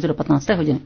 půl do 15. hodiny.